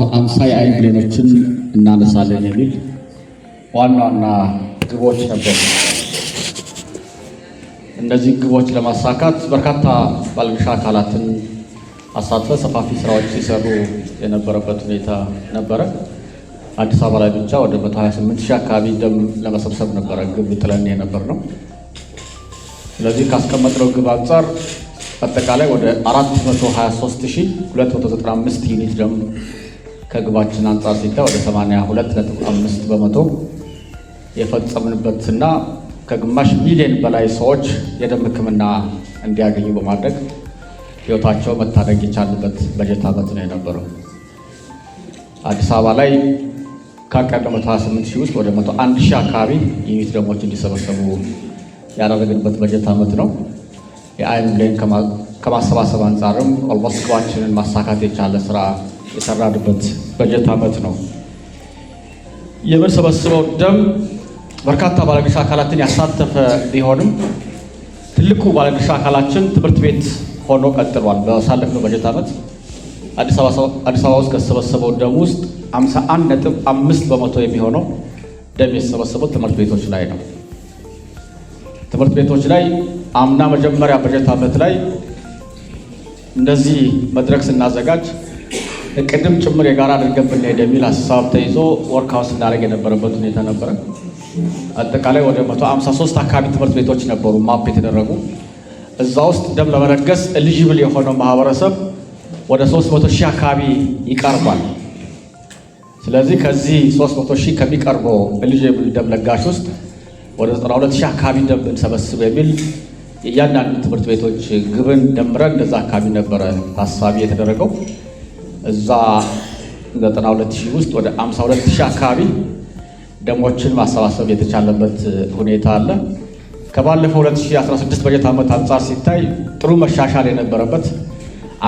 መቶ የአይን ብሌኖችን እናነሳለን የሚል ዋና ዋና ግቦች ነበሩ። እነዚህ ግቦች ለማሳካት በርካታ ባለድርሻ አካላትን አሳትፈ ሰፋፊ ስራዎች ሲሰሩ የነበረበት ሁኔታ ነበረ። አዲስ አበባ ላይ ብቻ ወደ 128 ሺህ አካባቢ ደም ለመሰብሰብ ነበረ ግብ ጥለን የነበር ነው። ስለዚህ ካስቀመጥነው ግብ አንጻር አጠቃላይ ወደ 423,295 ዩኒት ደም ከግባችን አንጻር ሲታይ ወደ 82.5 በመቶ የፈጸምንበትና ከግማሽ ሚሊዮን በላይ ሰዎች የደም ሕክምና እንዲያገኙ በማድረግ ህይወታቸው መታደግ የቻልበት በጀት ዓመት ነው የነበረው። አዲስ አበባ ላይ ካቀደሙት 28 ሺህ ውስጥ ወደ 101 ሺህ አካባቢ የዩኒት ደሞች እንዲሰበሰቡ ያደረግንበት በጀት ዓመት ነው። የአይን ብሌን ከማሰባሰብ አንጻርም ኦልሞስት ግባችንን ማሳካት የቻለ ስራ የሰራንበት በጀት ዓመት ነው። የምንሰበስበው ደም በርካታ ባለድርሻ አካላትን ያሳተፈ ቢሆንም ትልቁ ባለድርሻ አካላችን ትምህርት ቤት ሆኖ ቀጥሏል። በሳለፍነው በጀት ዓመት አዲስ አበባ ውስጥ ከተሰበሰበው ደም ውስጥ 51 ነጥብ አምስት በመቶ የሚሆነው ደም የተሰበሰበው ትምህርት ቤቶች ላይ ነው። ትምህርት ቤቶች ላይ አምና መጀመሪያ በጀት ዓመት ላይ እንደዚህ መድረክ ስናዘጋጅ ቅድም ጭምር የጋራ አድርገን ብንሄድ የሚል ሀሳብ ተይዞ ወርክ እናደርግ የነበረበት ሁኔታ ነበረ። አጠቃላይ ወደ 153 አካባቢ ትምህርት ቤቶች ነበሩ ማፕ የተደረጉ። እዛ ውስጥ ደም ለመለገስ ኤሊጂብል የሆነው ማህበረሰብ ወደ 300 ሺህ አካባቢ ይቀርባል። ስለዚህ ከዚህ 300 ሺህ ከሚቀርበው ኤሊጂብል ደም ለጋሽ ውስጥ ወደ 92 ሺህ አካባቢ ደም እንሰበስብ የሚል እያንዳንዱ ትምህርት ቤቶች ግብን ደምረን እንደዛ አካባቢ ነበረ ታሳቢ የተደረገው። እዛ 92 ሺ ውስጥ ወደ 52 አካባቢ ደሞችን ማሰባሰብ የተቻለበት ሁኔታ አለ። ከባለፈው 2016 በጀት ዓመት አንጻር ሲታይ ጥሩ መሻሻል የነበረበት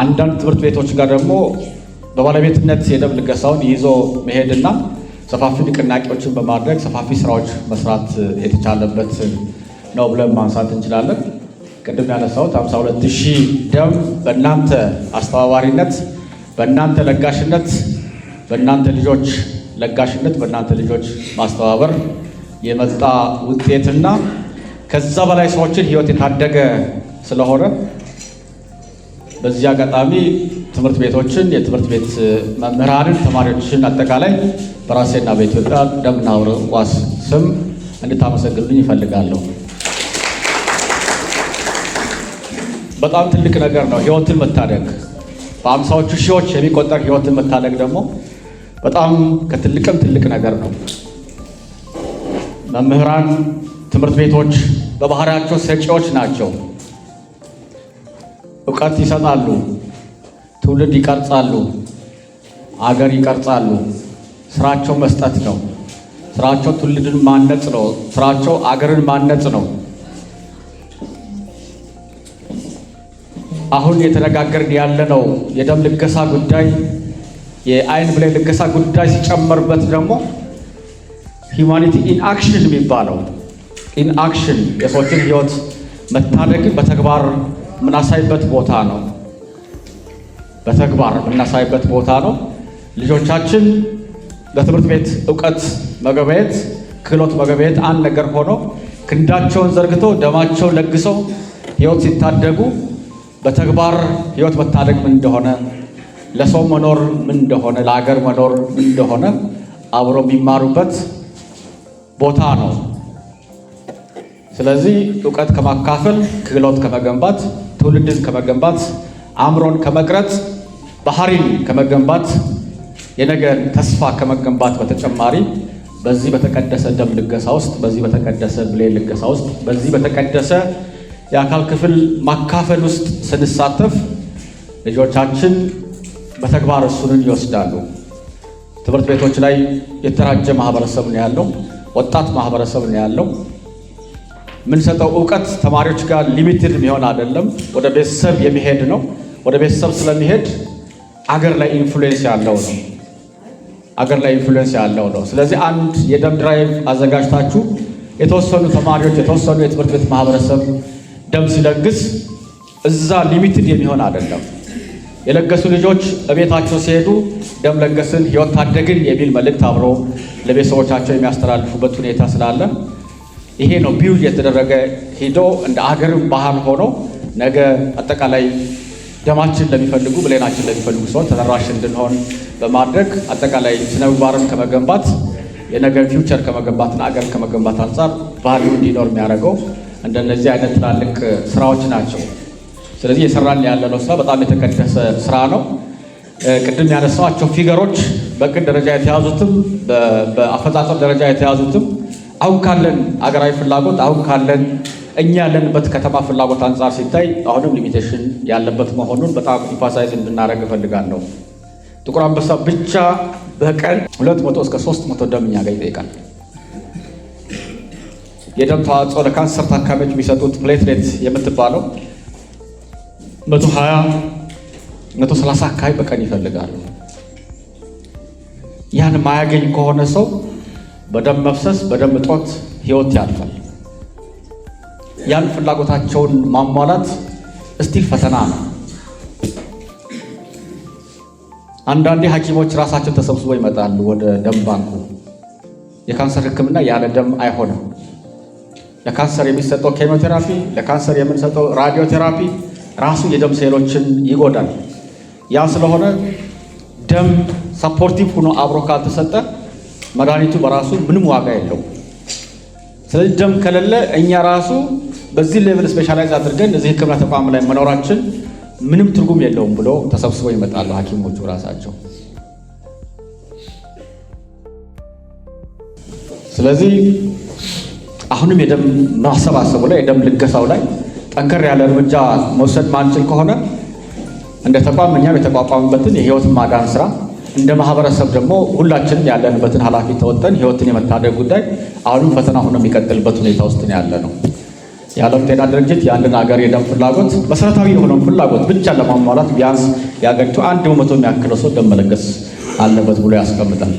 አንዳንድ ትምህርት ቤቶች ጋር ደግሞ በባለቤትነት የደም ልገሳውን ይዞ መሄድና ሰፋፊ ንቅናቄዎችን በማድረግ ሰፋፊ ስራዎች መስራት የተቻለበት ነው ብለን ማንሳት እንችላለን። ቅድም ያነሳሁት 52 ሺህ ደም በእናንተ አስተባባሪነት በእናንተ ለጋሽነት በእናንተ ልጆች ለጋሽነት በእናንተ ልጆች ማስተባበር የመጣ ውጤትና ከዛ በላይ ሰዎችን ህይወት የታደገ ስለሆነ በዚህ አጋጣሚ ትምህርት ቤቶችን፣ የትምህርት ቤት መምህራንን፣ ተማሪዎችን አጠቃላይ በራሴና በኢትዮጵያ ደምና ህብረ ዋስ ስም እንድታመሰግኑኝ ይፈልጋለሁ። በጣም ትልቅ ነገር ነው ህይወትን መታደግ በአምሳዎቹ ሺዎች የሚቆጠር ህይወትን መታደግ ደግሞ በጣም ከትልቅም ትልቅ ነገር ነው። መምህራን፣ ትምህርት ቤቶች በባህሪያቸው ሰጪዎች ናቸው። እውቀት ይሰጣሉ፣ ትውልድ ይቀርጻሉ፣ አገር ይቀርጻሉ። ስራቸው መስጠት ነው። ስራቸው ትውልድን ማነጽ ነው። ስራቸው አገርን ማነጽ ነው። አሁን የተነጋገርን ያለነው የደም ልገሳ ጉዳይ የአይን ብሌን ልገሳ ጉዳይ ሲጨመርበት ደግሞ ሂውማኒቲ ኢን አክሽን የሚባለው ኢን አክሽን የሰዎችን ህይወት መታደግ በተግባር የምናሳይበት ቦታ ነው። በተግባር የምናሳይበት ቦታ ነው። ልጆቻችን በትምህርት ቤት እውቀት መገበየት፣ ክህሎት መገበየት አንድ ነገር ሆኖ ክንዳቸውን ዘርግተው ደማቸውን ለግሰው ህይወት ሲታደጉ በተግባር ህይወት መታደግ ምን እንደሆነ ለሰው መኖር ምን እንደሆነ ለሀገር መኖር ምን እንደሆነ አብሮ የሚማሩበት ቦታ ነው። ስለዚህ እውቀት ከማካፈል ክህሎት ከመገንባት ትውልድን ከመገንባት አእምሮን ከመቅረጽ ባህሪን ከመገንባት የነገር ተስፋ ከመገንባት በተጨማሪ በዚህ በተቀደሰ ደም ልገሳ ውስጥ በዚህ በተቀደሰ ብሌ ልገሳ ውስጥ በዚህ በተቀደሰ የአካል ክፍል ማካፈል ውስጥ ስንሳተፍ ልጆቻችን በተግባር እሱንን ይወስዳሉ። ትምህርት ቤቶች ላይ የተራጀ ማህበረሰብ ነው ያለው፣ ወጣት ማህበረሰብ ነው ያለው። የምንሰጠው እውቀት ተማሪዎች ጋር ሊሚትድ የሚሆን አይደለም፣ ወደ ቤተሰብ የሚሄድ ነው። ወደ ቤተሰብ ስለሚሄድ አገር ላይ ኢንፍሉዌንስ ያለው ነው አገር ላይ ኢንፍሉዌንስ ያለው ነው። ስለዚህ አንድ የደም ድራይቭ አዘጋጅታችሁ የተወሰኑ ተማሪዎች የተወሰኑ የትምህርት ቤት ማህበረሰብ ደም ሲለግስ እዛ ሊሚትድ የሚሆን አይደለም። የለገሱ ልጆች እቤታቸው ሲሄዱ ደም ለገስን ህይወት ታደግን የሚል መልእክት አብሮ ለቤተሰቦቻቸው የሚያስተላልፉበት ሁኔታ ስላለ ይሄ ነው ቢውል የተደረገ ሂዶ እንደ አገርም ባህል ሆኖ ነገ አጠቃላይ ደማችን ለሚፈልጉ ብሌናችን ለሚፈልጉ ሰዎች ተደራሽ እንድንሆን በማድረግ አጠቃላይ ስነ ምግባርን ከመገንባት የነገ ፊውቸር ከመገንባትና አገር ከመገንባት አንጻር ባህሉ እንዲኖር የሚያደርገው እንደነዚህ አይነት ትላልቅ ስራዎች ናቸው። ስለዚህ የሰራን ያለነው ስራ በጣም የተቀደሰ ስራ ነው። ቅድም ያነሳቸው ፊገሮች በቅድ ደረጃ የተያዙትም በአፈጻጸም ደረጃ የተያዙትም አሁን ካለን አገራዊ ፍላጎት አሁን ካለን እኛ ያለንበት ከተማ ፍላጎት አንጻር ሲታይ አሁንም ሊሚቴሽን ያለበት መሆኑን በጣም ኢንፋሳይዝ እንድናደርግ እፈልጋለሁ። ጥቁር አንበሳ ብቻ በቀን መቶ እስከ መቶ ደም የሚያገኝ ይጠይቃል። የደም ተዋጽኦ ለካንሰር ታካሚዎች የሚሰጡት ፕሌትሌት የምትባለው መቶ ሀያ አካባቢ በቀን ይፈልጋሉ። ያን ማያገኝ ከሆነ ሰው በደም መፍሰስ፣ በደም እጦት ህይወት ያልፋል። ያን ፍላጎታቸውን ማሟላት እስቲል ፈተና ነው። አንዳንዴ ሐኪሞች ራሳቸው ተሰብስበው ይመጣሉ ወደ ደም ባንኩ። የካንሰር ህክምና ያለ ደም አይሆንም። ለካንሰር የሚሰጠው ኬሞቴራፒ፣ ለካንሰር የምንሰጠው ራዲዮቴራፒ ራሱ የደም ሴሎችን ይጎዳል። ያ ስለሆነ ደም ሰፖርቲቭ ሆኖ አብሮ ካልተሰጠ መድኃኒቱ በራሱ ምንም ዋጋ የለው። ስለዚህ ደም ከሌለ እኛ ራሱ በዚህ ሌቭል ስፔሻላይዝ አድርገን እዚህ ሕክምና ተቋም ላይ መኖራችን ምንም ትርጉም የለውም ብሎ ተሰብስበው ይመጣሉ ሐኪሞቹ ራሳቸው። ስለዚህ አሁንም የደም ማሰባሰቡ ላይ የደም ልገሳው ላይ ጠንከር ያለ እርምጃ መውሰድ ማንችል ከሆነ እንደ ተቋም እኛም የተቋቋምበትን የህይወት ማዳን ስራ እንደ ማህበረሰብ ደግሞ ሁላችንም ያለንበትን ኃላፊ ተወጠን ህይወትን የመታደግ ጉዳይ አሁንም ፈተና ሆኖ የሚቀጥልበት ሁኔታ ውስጥ ያለ ነው። የዓለም ጤና ድርጅት የአንድን ሀገር የደም ፍላጎት መሰረታዊ የሆነውን ፍላጎት ብቻ ለማሟላት ቢያንስ የሀገሪቱ አንድ በመቶ የሚያክለው ሰው ደም መለገስ አለበት ብሎ ያስቀምጣል።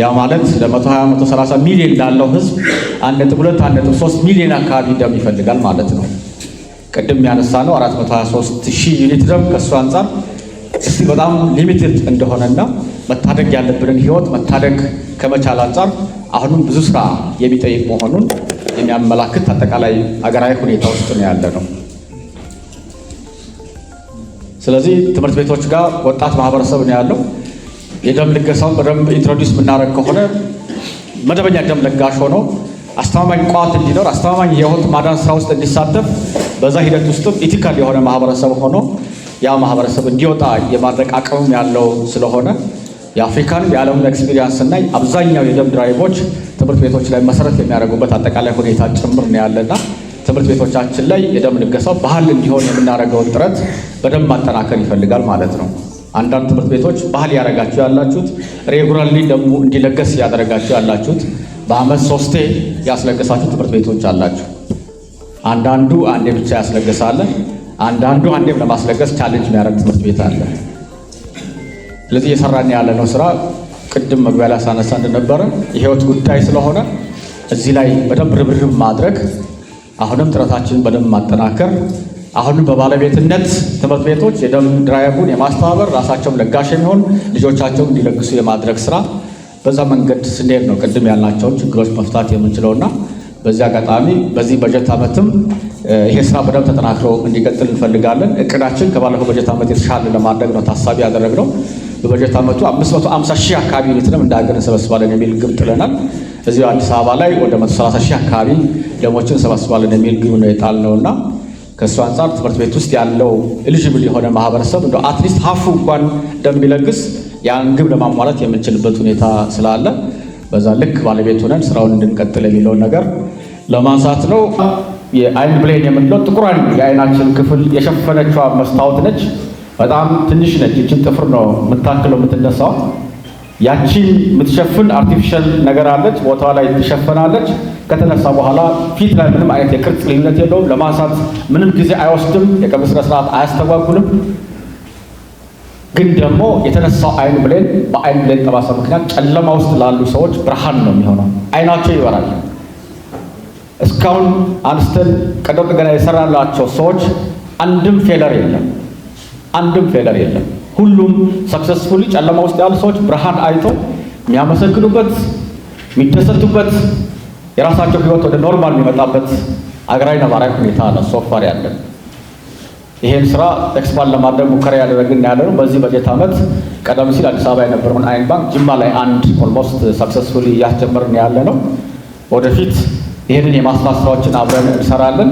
ያ ማለት ለ120 130 ሚሊዮን ላለው ህዝብ 1.2 1.3 ሚሊዮን አካባቢ ደም ይፈልጋል ማለት ነው። ቅድም ያነሳ ነው 423 ሺህ ዩኒት ደም ከእሱ አንጻር እስቲ በጣም ሊሚትድ እንደሆነና መታደግ ያለብንን ህይወት መታደግ ከመቻል አንጻር አሁንም ብዙ ስራ የሚጠይቅ መሆኑን የሚያመላክት አጠቃላይ አገራዊ ሁኔታ ውስጥ ነው ያለ ነው። ስለዚህ ትምህርት ቤቶች ጋር ወጣት ማህበረሰብ ነው ያለው። የደም ልገሳውን በደንብ ኢንትሮዲስ የምናደርግ ከሆነ መደበኛ ደም ለጋሽ ሆኖ አስተማማኝ ቋት እንዲኖር አስተማማኝ የሆት ማዳን ስራ ውስጥ እንዲሳተፍ በዛ ሂደት ውስጥም ኢቲካል የሆነ ማህበረሰብ ሆኖ ያ ማህበረሰብ እንዲወጣ የማድረግ አቅምም ያለው ስለሆነ የአፍሪካን የዓለምን ኤክስፒሪያንስ ስናይ አብዛኛው የደም ድራይቮች ትምህርት ቤቶች ላይ መሰረት የሚያደርጉበት አጠቃላይ ሁኔታ ጭምር ነው ያለና ትምህርት ቤቶቻችን ላይ የደም ልገሳው ባህል እንዲሆን የምናደርገውን ጥረት በደንብ ማጠናከር ይፈልጋል ማለት ነው። አንዳንድ ትምህርት ቤቶች ባህል ያደረጋችሁ ያላችሁት ሬጉላርሊ ደግሞ እንዲለገስ ያደረጋችሁ ያላችሁት በአመት ሶስቴ ያስለገሳችሁ ትምህርት ቤቶች አላችሁ። አንዳንዱ አንዴ ብቻ ያስለገሳለ፣ አንዳንዱ አንዴም ለማስለገስ ቻሌንጅ የሚያደርግ ትምህርት ቤት አለ። ስለዚህ እየሰራን ነው ስራ ቅድም መግቢያ ላይ ሳነሳ እንደነበረ የህይወት ጉዳይ ስለሆነ እዚህ ላይ በደንብ ርብርብ ማድረግ አሁንም ጥረታችንን በደንብ ማጠናከር አሁንም በባለቤትነት ትምህርት ቤቶች የደም ድራይቡን የማስተባበር ራሳቸውም ለጋሽ የሚሆን ልጆቻቸው እንዲለግሱ የማድረግ ስራ በዛ መንገድ ስንሄድ ነው ቅድም ያልናቸውን ችግሮች መፍታት የምንችለውና በዚህ አጋጣሚ በዚህ በጀት ዓመትም ይሄ ስራ በደንብ ተጠናክሮ እንዲቀጥል እንፈልጋለን። እቅዳችን ከባለፈው በጀት ዓመት የተሻለ ለማድረግ ነው ታሳቢ ያደረግነው። በበጀት ዓመቱ 550 ሺህ አካባቢ ዩኒትንም እንደ ሀገር እንሰበስባለን የሚል ግብ ጥለናል። እዚሁ አዲስ አበባ ላይ ወደ 130 ሺህ አካባቢ ደሞችን እንሰበስባለን የሚል ግብ ነው የጣልነውና ከእሱ አንጻር ትምህርት ቤት ውስጥ ያለው ኤሊጅብል የሆነ ማህበረሰብ እንደ አትሊስት ሀፉ እንኳን ደም ቢለግስ ያን ግብ ለማሟላት የምንችልበት ሁኔታ ስላለ በዛ ልክ ባለቤት ሆነን ስራውን እንድንቀጥል የሚለውን ነገር ለማንሳት ነው። የአይን ብሌን የምንለው ጥቁሯን የአይናችን ክፍል የሸፈነችዋ መስታወት ነች። በጣም ትንሽ ነች። ይችን ጥፍር ነው የምታክለው የምትነሳው። ያቺን የምትሸፍን አርቲፊሻል ነገር አለች፣ ቦታ ላይ ትሸፈናለች። ከተነሳ በኋላ ፊት ላይ ምንም አይነት የቅርጽ ልዩነት የለውም። ለማንሳት ምንም ጊዜ አይወስድም። የቀብር ስነ ስርዓት አያስተጓጉልም። ግን ደግሞ የተነሳው አይን ብሌን በአይን ብሌን ጠባሳ ምክንያት ጨለማ ውስጥ ላሉ ሰዎች ብርሃን ነው የሚሆነው። አይናቸው ይበራል። እስካሁን አንስተን ቀዶ ጥገና የሰራላቸው ሰዎች አንድም ፌለር የለም፣ አንድም ፌለር የለም። ሁሉም ሰክሰስፉሊ ጨለማ ውስጥ ያሉ ሰዎች ብርሃን አይተው የሚያመሰግኑበት፣ የሚደሰቱበት የራሳቸው ህይወት ወደ ኖርማል የሚመጣበት አገራዊ ነባራዊ ሁኔታ ነው ሶፋር ያለን። ይሄን ስራ ኤክስፓንድ ለማድረግ ሙከራ ያደረግን ነው። በዚህ በጀት ዓመት ቀደም ሲል አዲስ አበባ የነበረውን አይን ባንክ ጅማ ላይ አንድ ኦልሞስት ሰክሰስፉሊ እያስጀመርን ያለ ነው። ወደፊት ይህንን የማስፋት ስራዎችን አብረን እንሰራለን።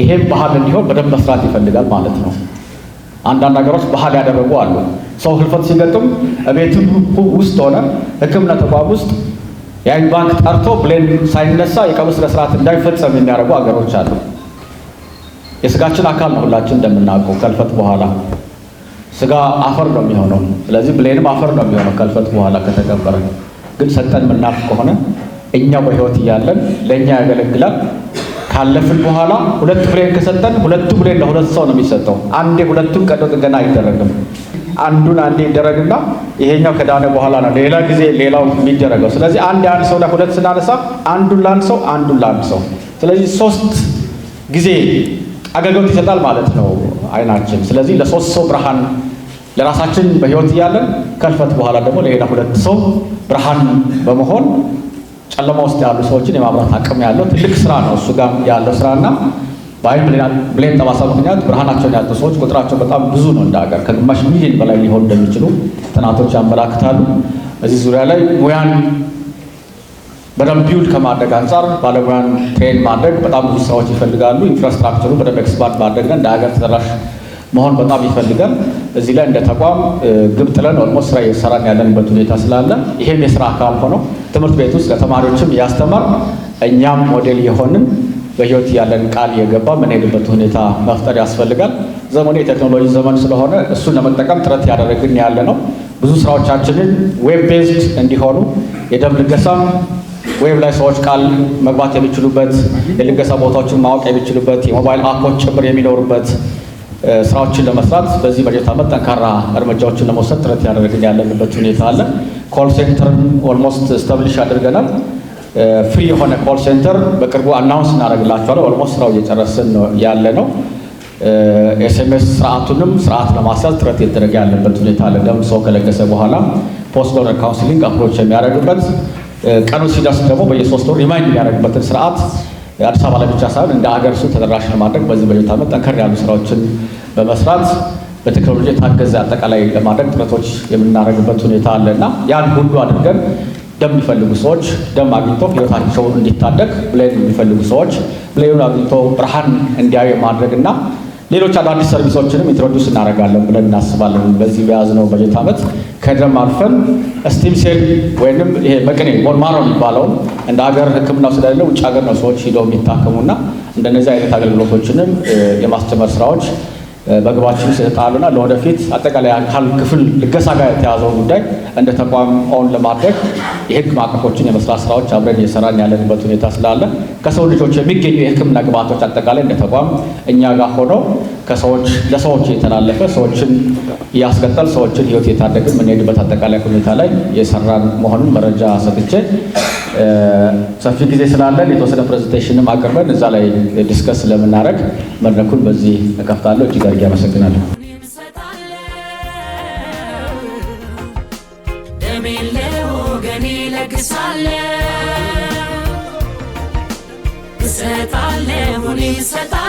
ይሄም ባህል እንዲሆን በደንብ መስራት ይፈልጋል ማለት ነው። አንዳንድ ሀገሮች ባህል ያደረጉ አሉ። ሰው ህልፈት ሲገጥም ቤት ውስጥ ሆነ ህክምና ተቋም ውስጥ የአይን ባንክ ጠርቶ ብሌን ሳይነሳ የቀብር ስነ ስርዓት እንዳይፈጸም የሚያደርጉ ሀገሮች አሉ። የስጋችን አካል ነው ሁላችን እንደምናውቀው ከልፈት በኋላ ስጋ አፈር ነው የሚሆነው። ስለዚህ ብሌንም አፈር ነው የሚሆነው ከልፈት በኋላ ከተቀበረ። ግን ሰጠን ምናፍ ከሆነ እኛ በህይወት እያለን ለእኛ ያገለግላል ካለፍን በኋላ ሁለት ብሬን ከሰጠን ሁለቱ ብሬን ለሁለት ሰው ነው የሚሰጠው። አንዴ ሁለቱን ቀዶ ጥገና አይደረግም። አንዱን አንዴ ይደረግና ይሄኛው ከዳነ በኋላ ነው ሌላ ጊዜ ሌላው የሚደረገው። ስለዚህ አንድ አንድ ሰው ላይ ሁለት ስናነሳ አንዱን ለአንድ ሰው፣ አንዱን ለአንድ ሰው፣ ስለዚህ ሶስት ጊዜ አገልግሎት ይሰጣል ማለት ነው አይናችን። ስለዚህ ለሶስት ሰው ብርሃን ለራሳችን በህይወት እያለን ከልፈት በኋላ ደግሞ ለሌላ ሁለት ሰው ብርሃን በመሆን ጨለማ ውስጥ ያሉ ሰዎችን የማብራት አቅም ያለው ትልቅ ስራ ነው። እሱ ጋር ያለው ስራ እና በአይን ብሌን ጠባሳ ምክንያት ብርሃናቸውን ያጡ ሰዎች ቁጥራቸው በጣም ብዙ ነው። እንደ ሀገር ከግማሽ ሚሊዮን በላይ ሊሆን እንደሚችሉ ጥናቶች ያመላክታሉ። እዚህ ዙሪያ ላይ ሙያን በደንብ ቢውድ ከማድረግ አንጻር ባለሙያን ትሬን ማድረግ በጣም ብዙ ስራዎች ይፈልጋሉ። ኢንፍራስትራክቸሩ በደንብ ኤክስፓንድ ማድረግና እንደ ሀገር ተደራሽ መሆን በጣም ይፈልጋል። እዚህ ላይ እንደ ተቋም ግብ ጥለን ኦልሞስት ስራ እየሰራን ያለንበት ሁኔታ ስላለ ይሄም የስራ አካል ሆኖ ትምህርት ቤት ውስጥ ለተማሪዎችም እያስተማር እኛም ሞዴል የሆንን በህይወት ያለን ቃል የገባ የምንሄድበት ሁኔታ መፍጠር ያስፈልጋል። ዘመኑ የቴክኖሎጂ ዘመን ስለሆነ እሱን ለመጠቀም ጥረት ያደረግን ያለ ነው። ብዙ ስራዎቻችንን ዌብ ቤዝድ እንዲሆኑ የደም ልገሳም ዌብ ላይ ሰዎች ቃል መግባት የሚችሉበት የልገሳ ቦታዎችን ማወቅ የሚችሉበት የሞባይል አፖች ጭምር የሚኖሩበት ስራዎችን ለመስራት በዚህ በጀት ዓመት ጠንካራ እርምጃዎችን ለመውሰድ ጥረት ያደረግን ያለንበት ሁኔታ አለ። ኮል ሴንተርን ኦልሞስት ስተብሊሽ አድርገናል። ፍሪ የሆነ ኮል ሴንተር በቅርቡ አናውንስ እናደርግላቸዋለን። ኦልሞስት ስራው እየጨረስን ያለ ነው። ኤስኤምኤስ ስርዓቱንም ስርዓት ለማስያዝ ጥረት እየተደረገ ያለበት ሁኔታ አለ። ደም ሰው ከለገሰ በኋላ ፖስት ዶነር ካውንስሊንግ አፕሮች የሚያደርግበት ቀኑ ሲደርስ ደግሞ በየሶስት ወር ሪማይንድ የሚያደርግበትን ስርዓት አዲስ አበባ ላይ ብቻ ሳይሆን እንደ ሀገር እሱ ተደራሽ ለማድረግ በዚህ በጀት ዓመት ጠንከር ያሉ ስራዎችን በመስራት በቴክኖሎጂ የታገዘ አጠቃላይ ለማድረግ ጥረቶች የምናደርግበት ሁኔታ አለ እና ያን ሁሉ አድርገን ደም የሚፈልጉ ሰዎች ደም አግኝቶ ህይወታቸውን እንዲታደግ ብሌን የሚፈልጉ ሰዎች ብሌኑን አግኝቶ ብርሃን እንዲያዩ የማድረግ እና ሌሎች አዳዲስ ሰርቪሶችንም ኢንትሮዲውስ እናደርጋለን ብለን እናስባለን። በዚህ በያዝነው በጀት ዓመት ከደም አልፈን ስቲም ሴል ወይም ይሄ መቅኔ ቦልማሮ የሚባለው እንደ ሀገር ሕክምናው ስለሌለ ውጭ ሀገር ነው ሰዎች ሂደው የሚታከሙና እንደነዚህ አይነት አገልግሎቶችንም የማስጨመር ስራዎች በግባችን ስለጣሉና ለወደፊት አጠቃላይ አካል ክፍል ልገሳ ጋር የተያዘው ጉዳይ እንደ ተቋም ኦን ለማድረግ የህግ ማዕቀፎችን የመስራት ስራዎች አብረን እየሰራን ያለንበት ሁኔታ ስላለ ከሰው ልጆች የሚገኙ የህክምና ግብዓቶች አጠቃላይ እንደ ተቋም እኛ ጋር ሆኖ ከሰዎች ለሰዎች የተላለፈ ሰዎችን እያስቀጠል ሰዎችን ህይወት የታደግን የምንሄድበት አጠቃላይ ሁኔታ ላይ የሰራን መሆኑን መረጃ ሰጥቼ ሰፊ ጊዜ ስላለን የተወሰነ ፕሬዘንቴሽንም አቅርበን እዛ ላይ ዲስከስ ስለምናደረግ መድረኩን በዚህ እከፍታለሁ እጅጋ አድርጌ አመሰግናለሁ። ሰጣለ ሁኔ ሰጣ